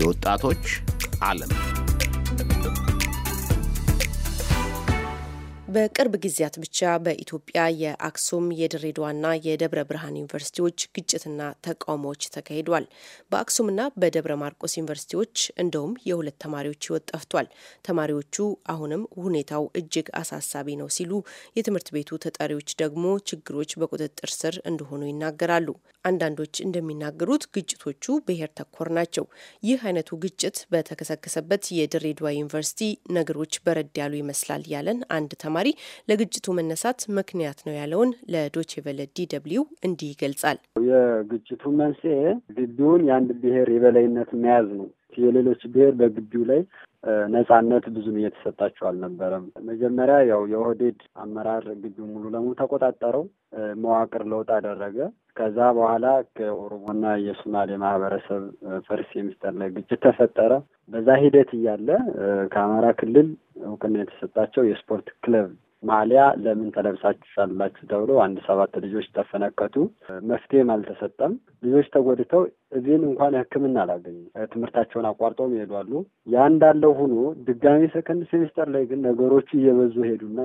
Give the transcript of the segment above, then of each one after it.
የወጣቶች ዓለም በቅርብ ጊዜያት ብቻ በኢትዮጵያ የአክሱም የድሬዳዋና የደብረ ብርሃን ዩኒቨርሲቲዎች ግጭትና ተቃውሞዎች ተካሂዷል። በአክሱምና በደብረ ማርቆስ ዩኒቨርሲቲዎች እንደውም የሁለት ተማሪዎች ሕይወት ጠፍቷል። ተማሪዎቹ አሁንም ሁኔታው እጅግ አሳሳቢ ነው ሲሉ፣ የትምህርት ቤቱ ተጠሪዎች ደግሞ ችግሮች በቁጥጥር ስር እንደሆኑ ይናገራሉ። አንዳንዶች እንደሚናገሩት ግጭቶቹ ብሔር ተኮር ናቸው። ይህ አይነቱ ግጭት በተከሰከሰበት የድሬዳዋ ዩኒቨርሲቲ ነገሮች በረድ ያሉ ይመስላል ያለን አንድ ተማ በተጨማሪ ለግጭቱ መነሳት ምክንያት ነው ያለውን ለዶቼ ቬለ ዲደብሊው እንዲህ ይገልጻል። የግጭቱ መንስኤ ግቢውን የአንድ ብሔር የበላይነት መያዝ ነው። የሌሎች ብሔር በግቢው ላይ ነጻነት ብዙም እየተሰጣቸው አልነበረም። መጀመሪያ ያው የኦህዴድ አመራር ግቢው ሙሉ ለሙሉ ተቆጣጠረው፣ መዋቅር ለውጥ አደረገ። ከዛ በኋላ ከኦሮሞና የሶማሌ ማህበረሰብ ፈርስ የሚስጠር ላይ ግጭት ተፈጠረ። በዛ ሂደት እያለ ከአማራ ክልል እውቅና የተሰጣቸው የስፖርት ክለብ ማሊያ ለምን ተለብሳችኋላችሁ ተብሎ አንድ ሰባት ልጆች ተፈነከቱ። መፍትሄም አልተሰጠም። ልጆች ተጎድተው እዚህን እንኳን ሕክምና አላገኙም። ትምህርታቸውን አቋርጠውም ይሄዷሉ። ያ እንዳለው ሆኖ ድጋሚ ሰከንድ ሴሚስተር ላይ ግን ነገሮቹ እየበዙ ሄዱና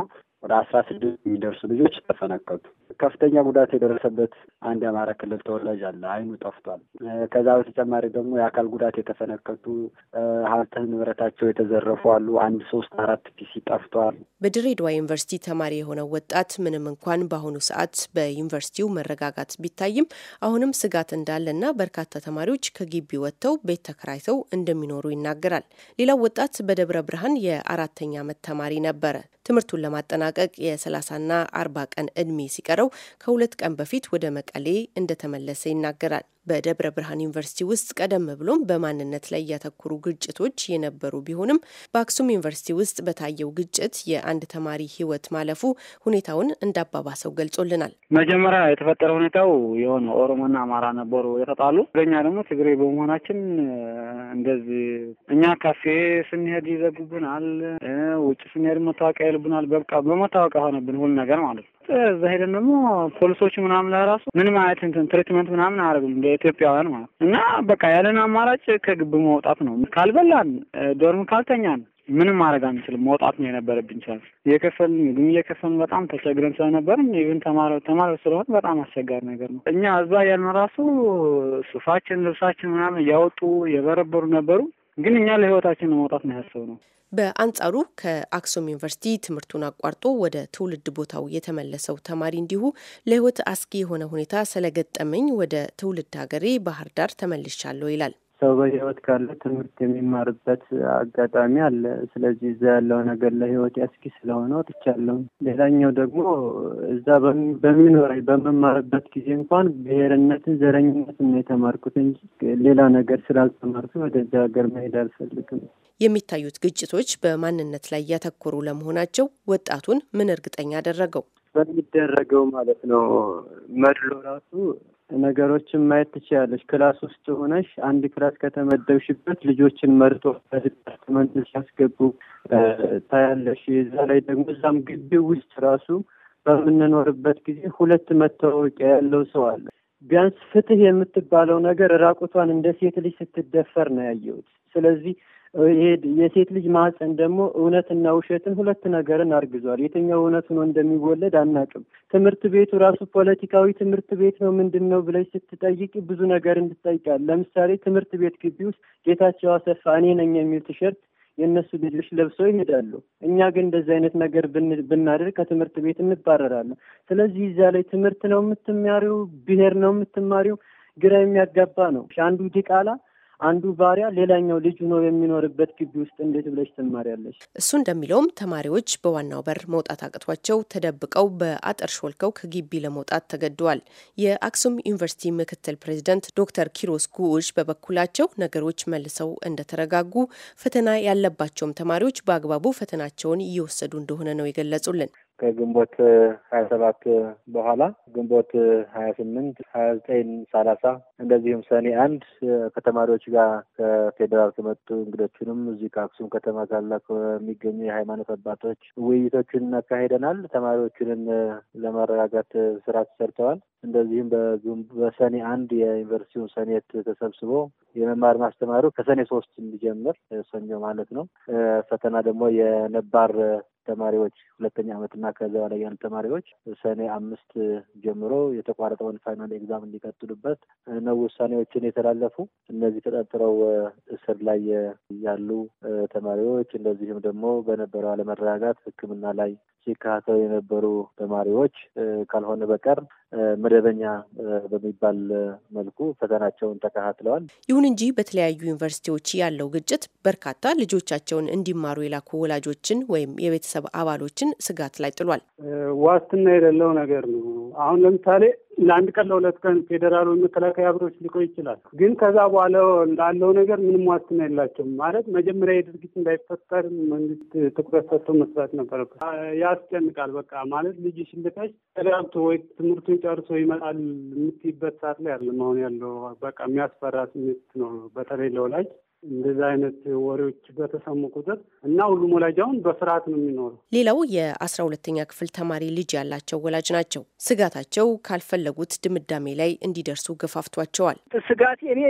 ወደ አስራ ስድስት የሚደርሱ ልጆች ተፈነከቱ። ከፍተኛ ጉዳት የደረሰበት አንድ የአማራ ክልል ተወላጅ አለ፣ አይኑ ጠፍቷል። ከዛ በተጨማሪ ደግሞ የአካል ጉዳት የተፈነከቱ ሀብት ንብረታቸው የተዘረፉ አሉ። አንድ ሶስት አራት ፒሲ ጠፍቷል። በድሬዳዋ ዩኒቨርሲቲ ተማሪ የሆነው ወጣት ምንም እንኳን በአሁኑ ሰዓት በዩኒቨርሲቲው መረጋጋት ቢታይም አሁንም ስጋት እንዳለና በርካታ ተማሪዎች ከግቢ ወጥተው ቤት ተከራይተው እንደሚኖሩ ይናገራል። ሌላው ወጣት በደብረ ብርሃን የአራተኛ ዓመት ተማሪ ነበረ። ትምህርቱን ለማጠና ለመጠናቀቅ የ30ና 40 ቀን ዕድሜ ሲቀረው ከሁለት ቀን በፊት ወደ መቀሌ እንደተመለሰ ይናገራል። በደብረ ብርሃን ዩኒቨርሲቲ ውስጥ ቀደም ብሎም በማንነት ላይ ያተኮሩ ግጭቶች የነበሩ ቢሆንም በአክሱም ዩኒቨርሲቲ ውስጥ በታየው ግጭት የአንድ ተማሪ ሕይወት ማለፉ ሁኔታውን እንዳባባሰው ገልጾልናል። መጀመሪያ የተፈጠረ ሁኔታው የሆነ ኦሮሞና አማራ ነበሩ የተጣሉ። እኛ ደግሞ ትግሬ በመሆናችን እንደዚህ እኛ ካፌ ስንሄድ ይዘጉብናል፣ ውጭ ስንሄድ መታወቂያ ይልብናል። በቃ በመታወቂያ ሆነብን ሁሉ ነገር ማለት ነው። ውስጥ እዛ ሄደን ደግሞ ፖሊሶች ምናምን ለራሱ ምንም ማለት እንትን ትሪትመንት ምናምን አያደርግም እንደ ኢትዮጵያውያን ማለት እና በቃ ያለን አማራጭ ከግብ መውጣት ነው። ካልበላን ዶርም ካልተኛን ምንም ማድረግ አንችልም። መውጣት ነው የነበረብን። ቻል የከፈል ምግብ እየከፈልን በጣም ተቸግረን ስለነበርም ኢቭን ተማሪ ተማሪ ስለሆን በጣም አስቸጋሪ ነገር ነው። እኛ እዛ ያልን ራሱ ሱፋችን፣ ልብሳችን ምናምን እያወጡ የበረበሩ ነበሩ። ግን እኛ ለህይወታችን መውጣት ነው ነው። በአንጻሩ ከአክሱም ዩኒቨርሲቲ ትምህርቱን አቋርጦ ወደ ትውልድ ቦታው የተመለሰው ተማሪ እንዲሁ ለህይወት አስጊ የሆነ ሁኔታ ስለገጠመኝ ወደ ትውልድ ሀገሬ ባህር ዳር ተመልሻለሁ ይላል። ሰው በህይወት ካለ ትምህርት የሚማርበት አጋጣሚ አለ። ስለዚህ እዛ ያለው ነገር ለህይወት ያስኪ ስለሆነ ወጥቻለሁ። ሌላኛው ደግሞ እዛ በሚኖረኝ በመማርበት ጊዜ እንኳን ብሔርነትን፣ ዘረኝነት ነው የተማርኩት እንጂ ሌላ ነገር ስላልተማርኩ ወደዚ ሀገር መሄድ አልፈልግም። የሚታዩት ግጭቶች በማንነት ላይ ያተኮሩ ለመሆናቸው ወጣቱን ምን እርግጠኛ አደረገው? በሚደረገው ማለት ነው መድሎ ራሱ ነገሮችን ማየት ትችላለች። ክላስ ውስጥ ሆነሽ አንድ ክላስ ከተመደብሽበት ልጆችን መርጦ ዲፓርትመንት ሲያስገቡ ታያለሽ። እዛ ላይ ደግሞ እዛም ግቢ ውስጥ ራሱ በምንኖርበት ጊዜ ሁለት መታወቂያ ያለው ሰው አለ። ቢያንስ ፍትህ የምትባለው ነገር ራቁቷን እንደ ሴት ልጅ ስትደፈር ነው ያየሁት። ስለዚህ የሴት ልጅ ማህፀን ደግሞ እውነትና ውሸትን ሁለት ነገርን አርግዟል። የትኛው እውነት ሆኖ እንደሚወለድ አናውቅም። ትምህርት ቤቱ ራሱ ፖለቲካዊ ትምህርት ቤት ነው ምንድን ነው ብለሽ ስትጠይቅ ብዙ ነገር እንድትጠይቃል። ለምሳሌ ትምህርት ቤት ግቢ ውስጥ ጌታቸው አሰፋ እኔ ነኝ የሚል ቲሸርት የእነሱ ልጆች ለብሰው ይሄዳሉ። እኛ ግን እንደዚህ አይነት ነገር ብናደርግ ከትምህርት ቤት እንባረራለን። ስለዚህ እዚያ ላይ ትምህርት ነው የምትማሪው፣ ብሄር ነው የምትማሪው፣ ግራ የሚያጋባ ነው። አንዱ ዲቃላ አንዱ ባሪያ ሌላኛው ልጅ ሆኖ የሚኖርበት ግቢ ውስጥ እንዴት ብለሽ ትማሪያለሽ? እሱ እንደሚለውም ተማሪዎች በዋናው በር መውጣት አቅቷቸው ተደብቀው በአጥር ሾልከው ከግቢ ለመውጣት ተገደዋል። የአክሱም ዩኒቨርሲቲ ምክትል ፕሬዚደንት ዶክተር ኪሮስ ጉዑሽ በበኩላቸው ነገሮች መልሰው እንደተረጋጉ፣ ፈተና ያለባቸውም ተማሪዎች በአግባቡ ፈተናቸውን እየወሰዱ እንደሆነ ነው የገለጹልን። ከግንቦት ሀያ ሰባት በኋላ ግንቦት ሀያ ስምንት ሀያ ዘጠኝ ሰላሳ እንደዚሁም ሰኔ አንድ ከተማሪዎች ጋር ከፌዴራል ከመጡ እንግዶችንም እዚህ ከአክሱም ከተማ ካላ ከሚገኙ የሃይማኖት አባቶች ውይይቶችን እናካሄደናል። ተማሪዎችንም ለማረጋጋት ስራ ተሰርተዋል። እንደዚህም በሰኔ አንድ የዩኒቨርሲቲውን ሰኔት ተሰብስቦ የመማር ማስተማሩ ከሰኔ ሶስት እንዲጀምር ሰኞ ማለት ነው። ፈተና ደግሞ የነባር ተማሪዎች ሁለተኛ ዓመት እና ከዚያ በላይ ያሉ ተማሪዎች ሰኔ አምስት ጀምሮ የተቋረጠውን ፋይናል ኤግዛም እንዲቀጥሉበት ነው ውሳኔዎችን የተላለፉ። እነዚህ ተጠርጥረው እስር ላይ ያሉ ተማሪዎች እንደዚህም ደግሞ በነበረው አለመረጋጋት ሕክምና ላይ ሲካተው የነበሩ ተማሪዎች ካልሆነ በቀር መደበኛ በሚባል መልኩ ፈተናቸውን ተከታትለዋል። ይሁን እንጂ በተለያዩ ዩኒቨርሲቲዎች ያለው ግጭት በርካታ ልጆቻቸውን እንዲማሩ የላኩ ወላጆችን ወይም የቤተሰብ አባሎችን ስጋት ላይ ጥሏል። ዋስትና የሌለው ነገር ነው። አሁን ለምሳሌ ለአንድ ቀን ለሁለት ቀን ፌዴራሉ መከላከያ አብሮች ሊቆይ ይችላል። ግን ከዛ በኋላ ላለው ነገር ምንም ዋስትና የላቸውም። ማለት መጀመሪያ የድርጊት እንዳይፈጠር መንግስት ትኩረት ሰጥቶ መስራት ነበረበት። ያስጨንቃል። በቃ ማለት ልጅ ሽልቀች ተደራብቶ ወይ ትምህርቱን ጨርሶ ይመጣል የምትይበት ሰዓት ላይ አለ መሆን ያለው በቃ የሚያስፈራ ስሜት ነው። በተለይ ለወላጅ እንደዚህ አይነት ወሬዎች በተሰሙ ቁጥር እና ሁሉም ወላጃውን በፍርሃት ነው የሚኖረው። ሌላው የአስራ ሁለተኛ ክፍል ተማሪ ልጅ ያላቸው ወላጅ ናቸው። ስጋታቸው ካልፈለጉት ድምዳሜ ላይ እንዲደርሱ ገፋፍቷቸዋል። ስጋት እኔ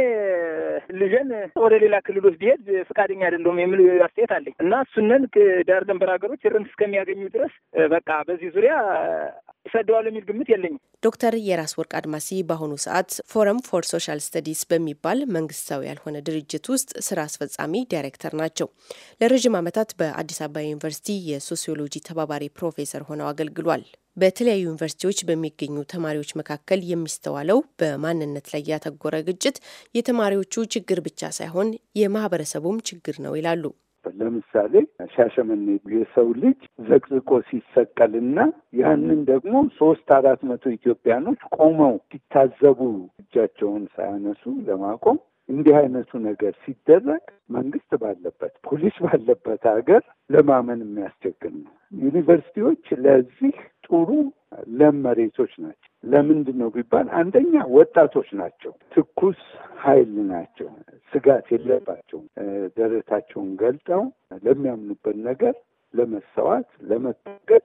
ልጅን ወደ ሌላ ክልሎች ቢሄድ ፈቃደኛ አይደለሁም የሚል አስተያየት አለኝ እና እሱነን ዳር ድንበር ሀገሮች እርምት እስከሚያገኙ ድረስ በቃ በዚህ ዙሪያ ይሰደዋል የሚል ግምት የለኝም። ዶክተር የራስ ወርቅ አድማሲ በአሁኑ ሰዓት ፎረም ፎር ሶሻል ስተዲስ በሚባል መንግስታዊ ያልሆነ ድርጅት ውስጥ ስራ አስፈጻሚ ዳይሬክተር ናቸው። ለረዥም ዓመታት በአዲስ አበባ ዩኒቨርሲቲ የሶሲዮሎጂ ተባባሪ ፕሮፌሰር ሆነው አገልግሏል። በተለያዩ ዩኒቨርሲቲዎች በሚገኙ ተማሪዎች መካከል የሚስተዋለው በማንነት ላይ ያተኮረ ግጭት የተማሪዎቹ ችግር ብቻ ሳይሆን የማህበረሰቡም ችግር ነው ይላሉ። ለምሳሌ ሻሸመኔ የሰው ልጅ ዘቅዝቆ ሲሰቀልና ያንን ደግሞ ሶስት አራት መቶ ኢትዮጵያኖች ቆመው ሲታዘቡ እጃቸውን ሳያነሱ ለማቆም እንዲህ አይነቱ ነገር ሲደረግ መንግስት ባለበት ፖሊስ ባለበት ሀገር ለማመን የሚያስቸግር ነው። ዩኒቨርሲቲዎች ለዚህ ጥሩ ለም መሬቶች ናቸው። ለምንድን ነው ቢባል አንደኛ ወጣቶች ናቸው፣ ትኩስ ኃይል ናቸው፣ ስጋት የለባቸውም። ደረታቸውን ገልጠው ለሚያምኑበት ነገር ለመሰዋት ለመታገል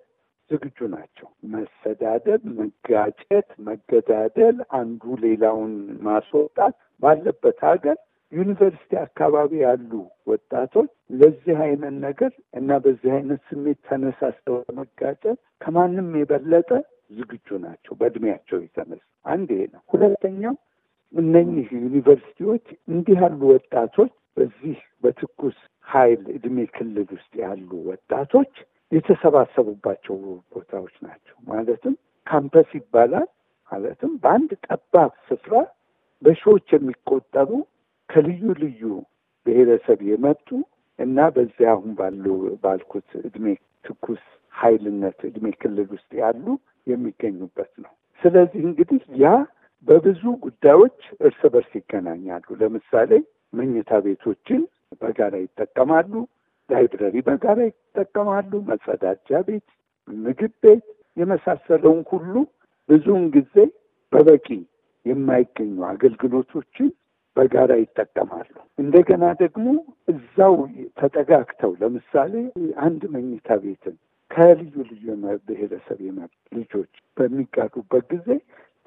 ዝግጁ ናቸው። መሰዳደብ፣ መጋጨት፣ መገዳደል፣ አንዱ ሌላውን ማስወጣት ባለበት ሀገር ዩኒቨርሲቲ አካባቢ ያሉ ወጣቶች ለዚህ አይነት ነገር እና በዚህ አይነት ስሜት ተነሳስተው ለመጋጨት ከማንም የበለጠ ዝግጁ ናቸው በእድሜያቸው የተነሳ። አንድ ይሄ ነው። ሁለተኛው እነኚህ ዩኒቨርሲቲዎች እንዲህ ያሉ ወጣቶች በዚህ በትኩስ ኃይል እድሜ ክልል ውስጥ ያሉ ወጣቶች የተሰባሰቡባቸው ቦታዎች ናቸው። ማለትም ካምፐስ ይባላል። ማለትም በአንድ ጠባብ ስፍራ በሺዎች የሚቆጠሩ ከልዩ ልዩ ብሔረሰብ የመጡ እና በዚያ አሁን ባሉ ባልኩት እድሜ ትኩስ ኃይልነት እድሜ ክልል ውስጥ ያሉ የሚገኙበት ነው። ስለዚህ እንግዲህ ያ በብዙ ጉዳዮች እርስ በርስ ይገናኛሉ። ለምሳሌ መኝታ ቤቶችን በጋራ ይጠቀማሉ። ላይብረሪ በጋራ ይጠቀማሉ፣ መጸዳጃ ቤት፣ ምግብ ቤት የመሳሰለውን ሁሉ ብዙውን ጊዜ በበቂ የማይገኙ አገልግሎቶችን በጋራ ይጠቀማሉ። እንደገና ደግሞ እዛው ተጠጋግተው ለምሳሌ አንድ መኝታ ቤትን ከልዩ ልዩ ብሔረሰብ ልጆች በሚጋሩበት ጊዜ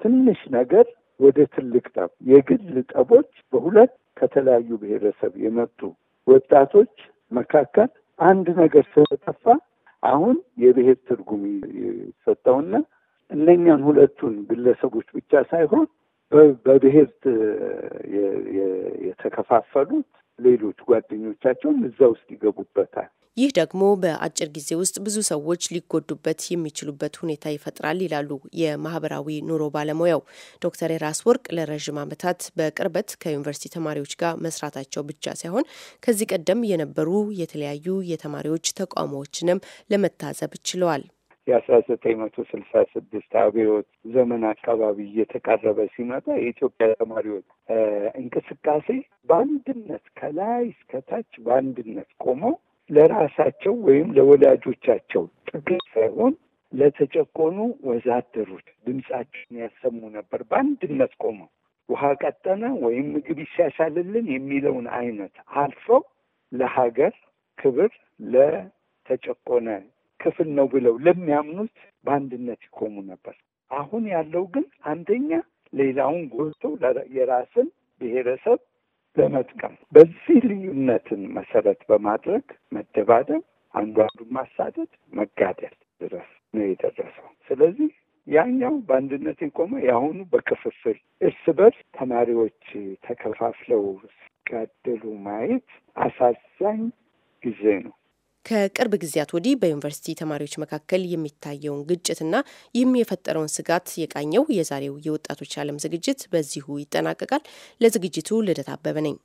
ትንሽ ነገር ወደ ትልቅ ጠብ የግል ጠቦች በሁለት ከተለያዩ ብሔረሰብ የመጡ ወጣቶች መካከል አንድ ነገር ስለጠፋ አሁን የብሔር ትርጉም ይሰጠውና እነኛን ሁለቱን ግለሰቦች ብቻ ሳይሆን በብሔር የተከፋፈሉት ሌሎች ጓደኞቻቸውን እዛ ውስጥ ይገቡበታል። ይህ ደግሞ በአጭር ጊዜ ውስጥ ብዙ ሰዎች ሊጎዱበት የሚችሉበት ሁኔታ ይፈጥራል ይላሉ የማህበራዊ ኑሮ ባለሙያው ዶክተር የራስ ወርቅ ለረዥም ዓመታት በቅርበት ከዩኒቨርሲቲ ተማሪዎች ጋር መስራታቸው ብቻ ሳይሆን ከዚህ ቀደም የነበሩ የተለያዩ የተማሪዎች ተቃውሞዎችንም ለመታዘብ ችለዋል። የአስራ ዘጠኝ መቶ ስልሳ ስድስት አብዮት ዘመን አካባቢ እየተቃረበ ሲመጣ የኢትዮጵያ ተማሪዎች እንቅስቃሴ በአንድነት ከላይ እስከታች በአንድነት ቆመው ለራሳቸው ወይም ለወዳጆቻቸው ጥቅም ሳይሆን ለተጨቆኑ ወዛደሮች ድምፃቸውን ያሰሙ ነበር። በአንድነት ቆመው ውሃ ቀጠነ ወይም ምግብ ይሻሻልልን የሚለውን አይነት አልፈው ለሀገር ክብር ለተጨቆነ ክፍል ነው ብለው ለሚያምኑት በአንድነት ይቆሙ ነበር። አሁን ያለው ግን አንደኛ ሌላውን ጎልቶ የራስን ብሔረሰብ በመጥቀም በዚህ ልዩነትን መሰረት በማድረግ መደባደብ፣ አንዱ አንዱን ማሳደድ፣ መጋደል ድረስ ነው የደረሰው። ስለዚህ ያኛው በአንድነት የቆመ የአሁኑ በክፍፍል እርስ በርስ ተማሪዎች ተከፋፍለው ሲጋደሉ ማየት አሳዛኝ ጊዜ ነው። ከቅርብ ጊዜያት ወዲህ በዩኒቨርሲቲ ተማሪዎች መካከል የሚታየውን ግጭትና ይህም የፈጠረውን ስጋት የቃኘው የዛሬው የወጣቶች ዓለም ዝግጅት በዚሁ ይጠናቀቃል። ለዝግጅቱ ልደት አበበ ነኝ።